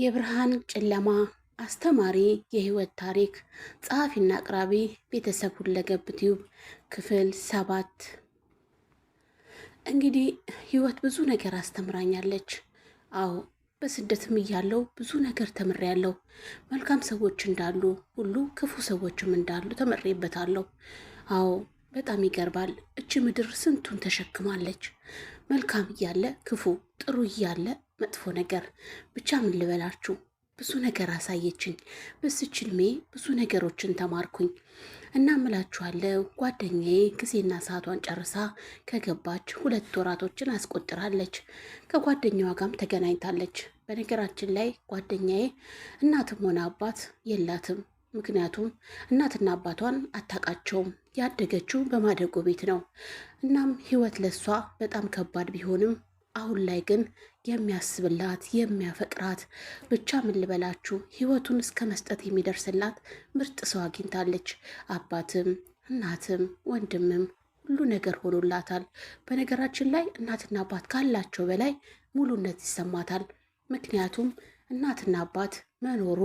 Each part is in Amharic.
የብርሃን ጨለማ አስተማሪ የህይወት ታሪክ ጸሐፊና አቅራቢ ቤተሰብ ሁለገብ ቲዩብ ክፍል ሰባት እንግዲህ ህይወት ብዙ ነገር አስተምራኛለች። አዎ በስደትም እያለው ብዙ ነገር ተምሬያለሁ። መልካም ሰዎች እንዳሉ ሁሉ ክፉ ሰዎችም እንዳሉ ተምሬበታለሁ። አዎ በጣም ይገርባል። እች ምድር ስንቱን ተሸክማለች። መልካም እያለ ክፉ፣ ጥሩ እያለ መጥፎ ነገር ብቻ ምን ልበላችሁ ብዙ ነገር አሳየችኝ። በስች ብዙ ነገሮችን ተማርኩኝ እና እምላችኋለሁ ጓደኛዬ ጊዜና ሰዓቷን ጨርሳ ከገባች ሁለት ወራቶችን አስቆጥራለች። ከጓደኛዋ ጋም ተገናኝታለች። በነገራችን ላይ ጓደኛዬ እናትም ሆነ አባት የላትም። ምክንያቱም እናትና አባቷን አታቃቸውም ያደገችው በማደጎ ቤት ነው። እናም ህይወት ለሷ በጣም ከባድ ቢሆንም አሁን ላይ ግን የሚያስብላት የሚያፈቅራት ብቻ ምን ልበላችሁ ህይወቱን እስከ መስጠት የሚደርስላት ምርጥ ሰው አግኝታለች። አባትም እናትም ወንድምም ሁሉ ነገር ሆኖላታል። በነገራችን ላይ እናትና አባት ካላቸው በላይ ሙሉነት ይሰማታል። ምክንያቱም እናትና አባት መኖሩ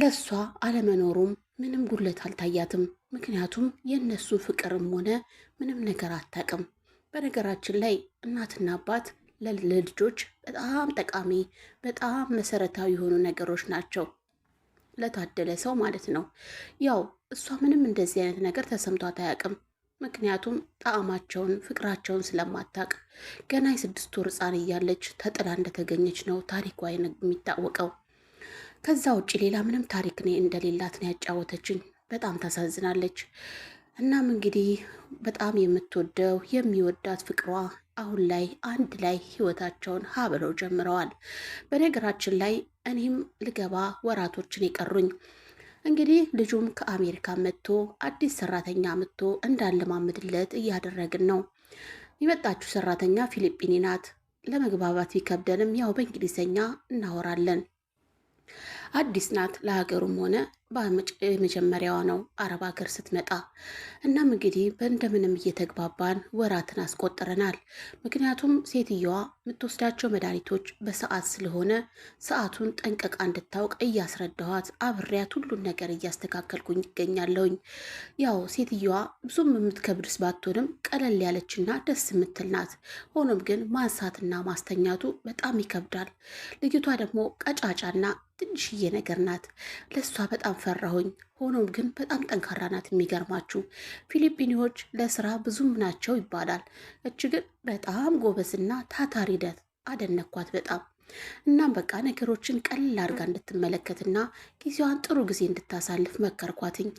ለእሷ አለመኖሩም ምንም ጉለት አልታያትም። ምክንያቱም የእነሱ ፍቅርም ሆነ ምንም ነገር አታውቅም። በነገራችን ላይ እናትና አባት ለልጆች በጣም ጠቃሚ በጣም መሰረታዊ የሆኑ ነገሮች ናቸው። ለታደለ ሰው ማለት ነው። ያው እሷ ምንም እንደዚህ አይነት ነገር ተሰምቷት አያውቅም። ምክንያቱም ጣዕማቸውን ፍቅራቸውን ስለማታቅ ገና የስድስት ወር ሕፃን እያለች ተጥላ እንደተገኘች ነው ታሪኳ የሚታወቀው። ከዛ ውጭ ሌላ ምንም ታሪክ እንደሌላት ነው ያጫወተችን። በጣም ታሳዝናለች። እናም እንግዲህ በጣም የምትወደው የሚወዳት ፍቅሯ አሁን ላይ አንድ ላይ ህይወታቸውን ሀብለው ጀምረዋል። በነገራችን ላይ እኔም ልገባ ወራቶችን የቀሩኝ እንግዲህ ልጁም ከአሜሪካ መጥቶ አዲስ ሰራተኛ መጥቶ እንዳለማምድለት እያደረግን ነው። የመጣችው ሰራተኛ ፊሊጲኒ ናት። ለመግባባት ቢከብደንም ያው በእንግሊዝኛ እናወራለን። አዲስ ናት ለሀገሩም ሆነ የመጀመሪያዋ ነው አረብ ሀገር ስትመጣ። እናም እንግዲህ በእንደምንም እየተግባባን ወራትን አስቆጥረናል። ምክንያቱም ሴትየዋ የምትወስዳቸው መድኃኒቶች በሰዓት ስለሆነ ሰዓቱን ጠንቀቃ እንድታውቅ እያስረዳኋት አብሬያት ሁሉን ነገር እያስተካከልኩኝ ይገኛለውኝ። ያው ሴትየዋ ብዙም የምትከብድስ ባትሆንም ቀለል ያለችና ደስ የምትል ናት። ሆኖም ግን ማንሳትና ማስተኛቱ በጣም ይከብዳል። ልጅቷ ደግሞ ቀጫጫና ትንሽ የተለየ ነገር ናት። ለእሷ በጣም ፈራሁኝ። ሆኖም ግን በጣም ጠንካራ ናት። የሚገርማችሁ ፊሊፒኒዎች ለስራ ብዙም ናቸው ይባላል። እች ግን በጣም ጎበዝና ታታሪ ደት አደነኳት በጣም እናም በቃ ነገሮችን ቀልል አድርጋ እንድትመለከትና ጊዜዋን ጥሩ ጊዜ እንድታሳልፍ መከርኳትኝ።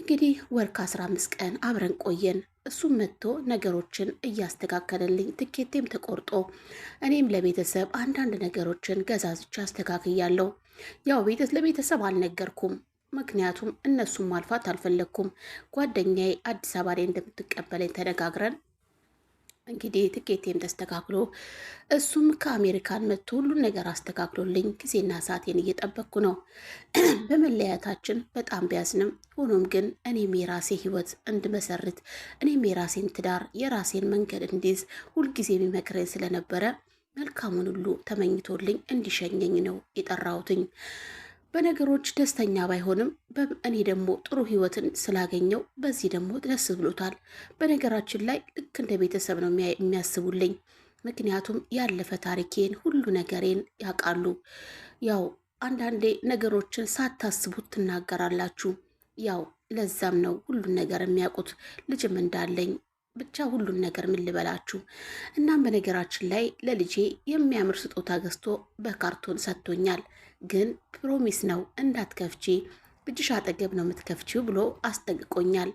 እንግዲህ ወር ከአስራ አምስት ቀን አብረን ቆየን። እሱም መጥቶ ነገሮችን እያስተካከለልኝ ትኬቴም ተቆርጦ እኔም ለቤተሰብ አንዳንድ ነገሮችን ገዛዝቼ አስተካክያለሁ። ያው ለቤተሰብ አልነገርኩም፣ ምክንያቱም እነሱም ማልፋት አልፈለግኩም። ጓደኛዬ አዲስ አበባ ላይ እንደምትቀበለኝ ተነጋግረን እንግዲህ ትኬቴም ተስተካክሎ እሱም ከአሜሪካን መጥቶ ሁሉን ነገር አስተካክሎልኝ ጊዜና ሰዓቴን እየጠበቅኩ ነው። በመለያታችን በጣም ቢያዝንም፣ ሆኖም ግን እኔም የራሴ ህይወት እንድመሰርት እኔም የራሴን ትዳር የራሴን መንገድ እንዲይዝ ሁልጊዜ የሚመክረኝ ስለነበረ መልካሙን ሁሉ ተመኝቶልኝ እንዲሸኘኝ ነው የጠራሁትኝ። በነገሮች ደስተኛ ባይሆንም እኔ ደግሞ ጥሩ ህይወትን ስላገኘው በዚህ ደግሞ ደስ ብሎታል። በነገራችን ላይ ልክ እንደ ቤተሰብ ነው የሚያስቡልኝ። ምክንያቱም ያለፈ ታሪኬን ሁሉ ነገሬን ያውቃሉ። ያው አንዳንዴ ነገሮችን ሳታስቡት ትናገራላችሁ። ያው ለዛም ነው ሁሉን ነገር የሚያውቁት ልጅም እንዳለኝ ብቻ ሁሉን ነገር ምን ልበላችሁ። እናም በነገራችን ላይ ለልጄ የሚያምር ስጦታ ገዝቶ በካርቶን ሰጥቶኛል። ግን ፕሮሚስ ነው እንዳትከፍቺ ልጅሽ አጠገብ ነው የምትከፍቺው ብሎ አስጠንቅቆኛል።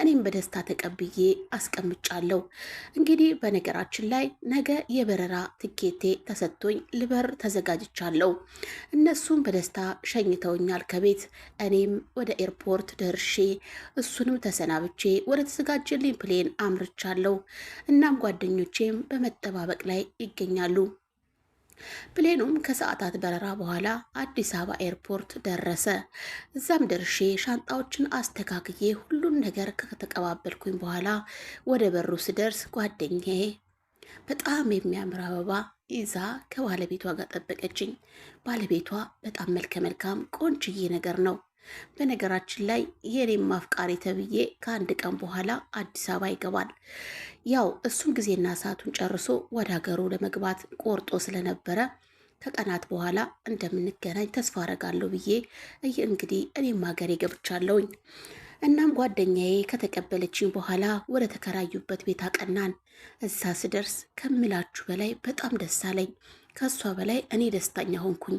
እኔም በደስታ ተቀብዬ አስቀምጫለሁ። እንግዲህ በነገራችን ላይ ነገ የበረራ ትኬቴ ተሰጥቶኝ ልበር ተዘጋጅቻለሁ። እነሱም በደስታ ሸኝተውኛል ከቤት እኔም ወደ ኤርፖርት ደርሼ እሱንም ተሰናብቼ ወደ ተዘጋጀልኝ ፕሌን አምርቻለሁ። እናም ጓደኞቼም በመጠባበቅ ላይ ይገኛሉ። ፕሌኑም ከሰዓታት በረራ በኋላ አዲስ አበባ ኤርፖርት ደረሰ። እዛም ደርሼ ሻንጣዎችን አስተካክዬ ሁሉን ነገር ከተቀባበልኩኝ በኋላ ወደ በሩ ስደርስ ጓደኛዬ በጣም የሚያምር አበባ ይዛ ከባለቤቷ ጋር ጠበቀችኝ። ባለቤቷ በጣም መልከ መልካም ቆንጅዬ ነገር ነው። በነገራችን ላይ የኔም አፍቃሪ ተብዬ ከአንድ ቀን በኋላ አዲስ አበባ ይገባል። ያው እሱም ጊዜና ሰዓቱን ጨርሶ ወደ ሀገሩ ለመግባት ቆርጦ ስለነበረ ከቀናት በኋላ እንደምንገናኝ ተስፋ አረጋለሁ ብዬ እንግዲህ እኔም ሀገሬ ገብቻለሁኝ። እናም ጓደኛዬ ከተቀበለችኝ በኋላ ወደ ተከራዩበት ቤት አቀናን። እዛ ስደርስ ከምላችሁ በላይ በጣም ደስ አለኝ። ከእሷ በላይ እኔ ደስተኛ ሆንኩኝ።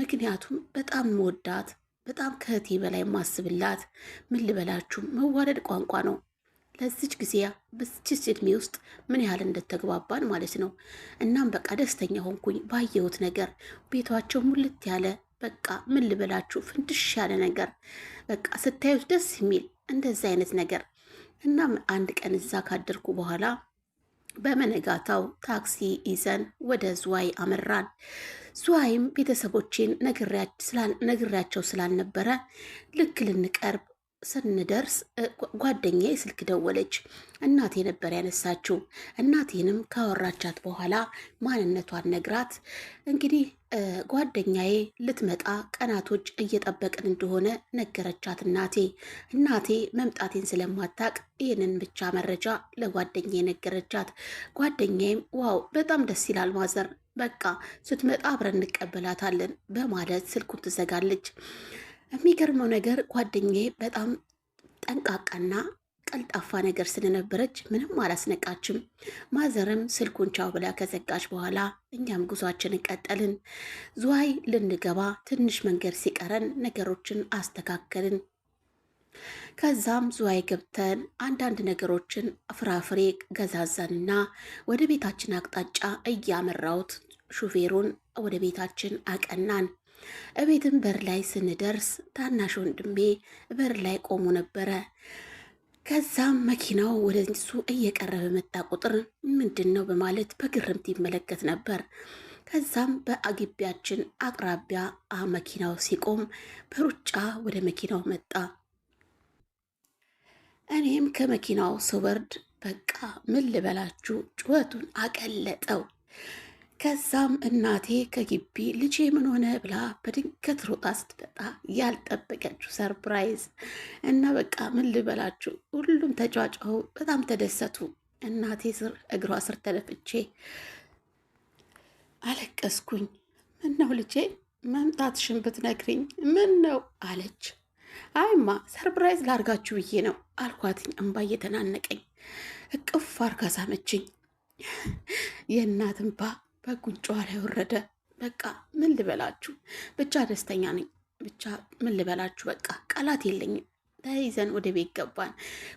ምክንያቱም በጣም መወዳት በጣም ከእህቴ በላይ ማስብላት። ምን ልበላችሁ፣ መዋደድ ቋንቋ ነው። ለዚች ጊዜያ በዚች እድሜ ውስጥ ምን ያህል እንደተግባባን ማለት ነው። እናም በቃ ደስተኛ ሆንኩኝ ባየሁት ነገር። ቤቷቸው ሙልት ያለ በቃ ምን ልበላችሁ፣ ፍንድሽ ያለ ነገር በቃ ስታዩት ደስ የሚል እንደዚህ አይነት ነገር። እናም አንድ ቀን እዛ ካደርኩ በኋላ በመነጋታው ታክሲ ይዘን ወደ ዝዋይ አመራን። ሱዋይም ቤተሰቦቼን ነግሬያቸው ስላልነበረ ልክ ልንቀርብ ስንደርስ ጓደኛ ስልክ ደወለች። እናቴ ነበር ያነሳችው። እናቴንም ካወራቻት በኋላ ማንነቷን ነግራት እንግዲህ ጓደኛዬ ልትመጣ ቀናቶች እየጠበቅን እንደሆነ ነገረቻት እናቴ። እናቴ መምጣቴን ስለማታቅ ይህንን ብቻ መረጃ ለጓደኛ ነገረቻት። ጓደኛዬም ዋው በጣም ደስ ይላል ማዘር በቃ ስትመጣ አብረን እንቀበላታለን በማለት ስልኩን ትዘጋለች። የሚገርመው ነገር ጓደኛዬ በጣም ጠንቃቃና ቀልጣፋ ነገር ስለነበረች ምንም አላስነቃችም። ማዘርም ስልኩን ቻው ብላ ከዘጋች በኋላ እኛም ጉዟችንን ቀጠልን። ዝዋይ ልንገባ ትንሽ መንገድ ሲቀረን ነገሮችን አስተካከልን። ከዛም ዙዋይ ገብተን አንዳንድ ነገሮችን ፍራፍሬ ገዛዛንና ወደ ቤታችን አቅጣጫ እያመራውት ሹፌሩን ወደ ቤታችን አቀናን። እቤትም በር ላይ ስንደርስ ታናሽ ወንድሜ በር ላይ ቆሞ ነበረ። ከዛም መኪናው ወደ እሱ እየቀረበ መጣ ቁጥር ምንድን ነው በማለት በግርምት ይመለከት ነበር። ከዛም በአግቢያችን አቅራቢያ መኪናው ሲቆም በሩጫ ወደ መኪናው መጣ። እኔም ከመኪናው ስወርድ በቃ ምን ልበላችሁ ጩኸቱን አቀለጠው። ከዛም እናቴ ከግቢ ልጄ ምን ሆነ ብላ በድንገት ሮጣ ስትመጣ ያልጠበቀችው ሰርፕራይዝ እና በቃ ምን ልበላችሁ ሁሉም ተጫጫው፣ በጣም ተደሰቱ። እናቴ ስር እግሯ ስር ተደፍቼ አለቀስኩኝ። ምነው ልጄ መምጣትሽን ብትነግሪኝ ምን ነው አለች። አይማ ሰርፕራይዝ ላርጋችሁ ብዬ ነው አልኳትኝ፣ እንባ እየተናነቀኝ እቅፍ አርጋ ሳመችኝ። የእናት እንባ በጉንጫዋ ላይ ወረደ። በቃ ምን ልበላችሁ፣ ብቻ ደስተኛ ነኝ። ብቻ ምን ልበላችሁ፣ በቃ ቃላት የለኝም። ተይዘን ወደ ቤት ገባን።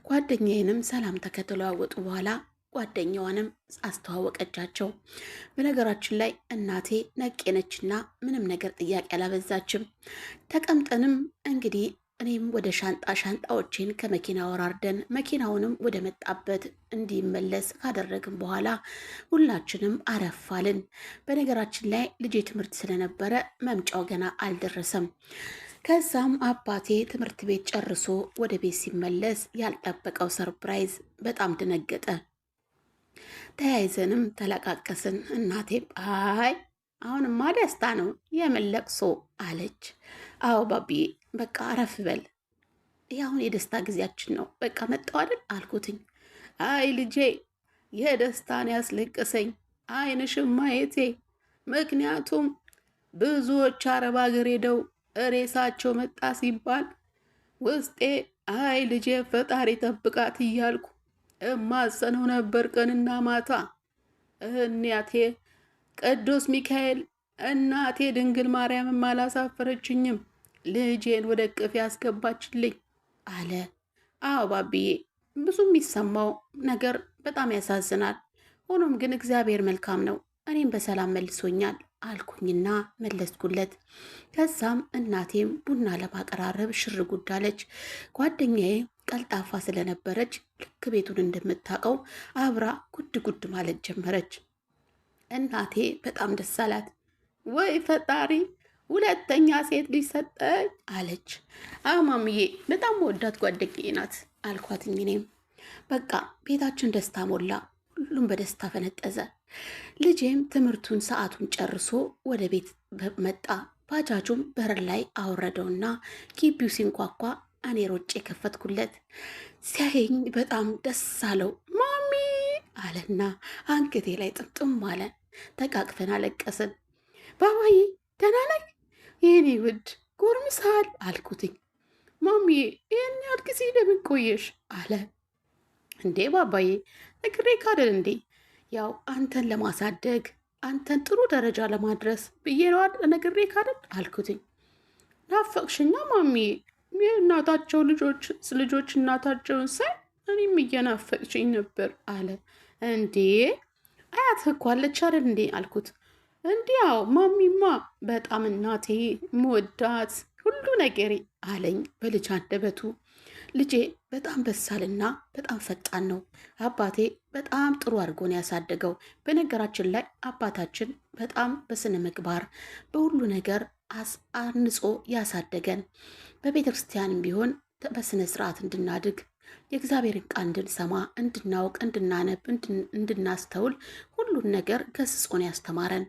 ጓደኛዬንም ሰላምታ ከተለዋወጡ በኋላ ጓደኛዋንም አስተዋወቀቻቸው። በነገራችን ላይ እናቴ ነችና ምንም ነገር ጥያቄ አላበዛችም። ተቀምጠንም እንግዲህ እኔም ወደ ሻንጣ ሻንጣዎችን ከመኪና ወራርደን መኪናውንም ወደ መጣበት እንዲመለስ ካደረግን በኋላ ሁላችንም አረፋልን። በነገራችን ላይ ልጄ ትምህርት ስለነበረ መምጫው ገና አልደረሰም። ከዛም አባቴ ትምህርት ቤት ጨርሶ ወደ ቤት ሲመለስ ያልጠበቀው ሰርፕራይዝ በጣም ደነገጠ። ተያይዘንም ተለቃቀስን። እናቴ አይ አሁንማ ደስታ ነው የምን ለቅሶ አለች። አዎ ባቢዬ በቃ አረፍ በል ያሁን የደስታ ጊዜያችን ነው በቃ መጣው አይደል አልኩትኝ። አይ ልጄ የደስታን ያስለቀሰኝ አይንሽም ማየቴ፣ ምክንያቱም ብዙዎች አረብ አገር ሄደው ሬሳቸው መጣ ሲባል ውስጤ አይ ልጄ ፈጣሪ ጠብቃት እያልኩ እማጸነው ነበር ቀንና ማታ። እናቴ ቅዱስ ሚካኤል እናቴ ድንግል ማርያምም አላሳፈረችኝም። ልጄን ወደ ቅፍ ያስገባችልኝ አለ። አዎ ባብዬ፣ ብዙ የሚሰማው ነገር በጣም ያሳዝናል። ሆኖም ግን እግዚአብሔር መልካም ነው፣ እኔም በሰላም መልሶኛል አልኩኝና መለስኩለት። ከዛም እናቴም ቡና ለማቀራረብ ሽር ጉዳለች። ጓደኛዬ ቀልጣፋ ስለነበረች ልክ ቤቱን እንደምታውቀው አብራ ጉድ ጉድ ማለት ጀመረች። እናቴ በጣም ደስ አላት። ወይ ፈጣሪ ሁለተኛ ሴት ልጅ ሰጠኝ አለች። አማምዬ በጣም መወዳት ጓደኛዬ ናት አልኳት። እኔም በቃ ቤታችን ደስታ ሞላ። ሁሉም በደስታ ፈነጠዘ። ልጄም ትምህርቱን ሰዓቱን ጨርሶ ወደ ቤት መጣ። ባጃጁም በር ላይ አወረደውና ኪቢው ሲንኳኳ እኔ ሮጬ የከፈትኩለት ሲያየኝ በጣም ደስ አለው። ማሚ አለና አንገቴ ላይ ጥምጥም አለ። ተቃቅፈን አለቀስን። ባባዬ ደህና ነህ የኔ ውድ ጎርምሳል አልኩትኝ። ማሚዬ ይህን ያህል ጊዜ ለምን ቆየሽ? አለ። እንዴ ባባዬ እግሬ ካደል እንዴ ያው አንተን ለማሳደግ አንተን ጥሩ ደረጃ ለማድረስ ብዬ ነው ነግሬ ካደል አልኩትኝ። ናፈቅሽኛ ማሚዬ እናታቸው ልጆች ልጆች እናታቸውን ሳይ እኔም እየናፈቅሽኝ ነበር አለ። እንዴ አያት እኮ አለች አይደል እንዴ አልኩት። እንዲያው ማሚማ በጣም እናቴ መወዳት ሁሉ ነገሬ አለኝ በልጅ አንደበቱ። ልጄ በጣም በሳልና በጣም ፈጣን ነው። አባቴ በጣም ጥሩ አድርጎ ነው ያሳደገው። በነገራችን ላይ አባታችን በጣም በስነ ምግባር በሁሉ ነገር አንጾ ያሳደገን በቤተ ክርስቲያንም ቢሆን በስነ ስርዓት እንድናድግ የእግዚአብሔርን ቃል እንድንሰማ፣ እንድናውቅ፣ እንድናነብ፣ እንድናስተውል ሁሉን ነገር ገስጾ ነው ያስተማረን።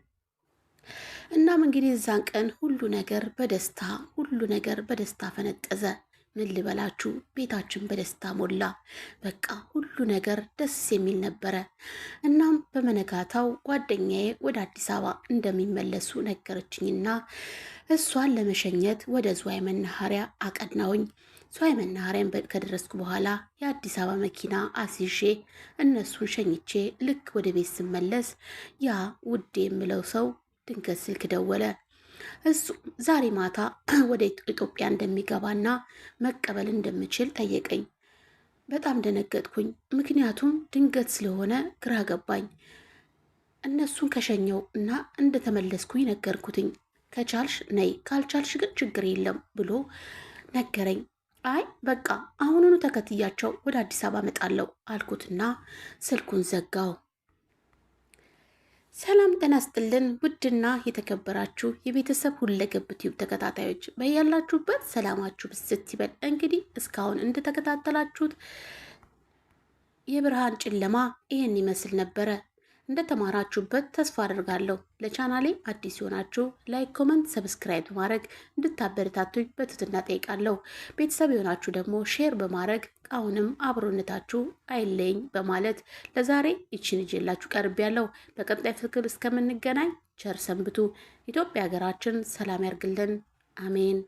እናም እንግዲህ እዛን ቀን ሁሉ ነገር በደስታ ሁሉ ነገር በደስታ ፈነጠዘ። ምን ልበላችሁ ቤታችን በደስታ ሞላ። በቃ ሁሉ ነገር ደስ የሚል ነበረ። እናም በመነጋታው ጓደኛዬ ወደ አዲስ አበባ እንደሚመለሱ ነገረችኝና እሷን ለመሸኘት ወደ ዝዋይ መናኸሪያ አቀናውኝ። ዝዋይ መናኸሪያን ከደረስኩ በኋላ የአዲስ አበባ መኪና አስይዤ እነሱን ሸኝቼ ልክ ወደ ቤት ስመለስ ያ ውድ የምለው ሰው ድንገት ስልክ ደወለ። እሱ ዛሬ ማታ ወደ ኢትዮጵያ እንደሚገባና መቀበል እንደምችል ጠየቀኝ። በጣም ደነገጥኩኝ፣ ምክንያቱም ድንገት ስለሆነ ግራ ገባኝ። እነሱን ከሸኘው እና እንደተመለስኩኝ ነገርኩትኝ። ከቻልሽ ነይ፣ ካልቻልሽ ግን ችግር የለም ብሎ ነገረኝ። አይ በቃ አሁኑኑ ተከትያቸው ወደ አዲስ አበባ እመጣለሁ አልኩትና ስልኩን ዘጋው። ሰላም ጤና ይስጥልን። ውድና የተከበራችሁ የቤተሰብ ሁለገብ ቲዩብ ተከታታዮች በያላችሁበት ሰላማችሁ ብስት ይበል። እንግዲህ እስካሁን እንደተከታተላችሁት የብርሃን ጨለማ ይህን ይመስል ነበረ። እንደተማራችሁበት ተስፋ አድርጋለሁ። ለቻናሌ አዲስ የሆናችሁ ላይክ፣ ኮመንት፣ ሰብስክራይብ በማድረግ እንድታበረታቱኝ በትህትና ጠይቃለሁ። ቤተሰብ የሆናችሁ ደግሞ ሼር በማድረግ አሁንም አብሮነታችሁ አይለኝ በማለት ለዛሬ ይችን ይዤላችሁ ቀርቤያለሁ። በቀጣይ ፍክር እስከምንገናኝ ቸር ሰንብቱ። ኢትዮጵያ ሀገራችን ሰላም ያርግልን። አሜን።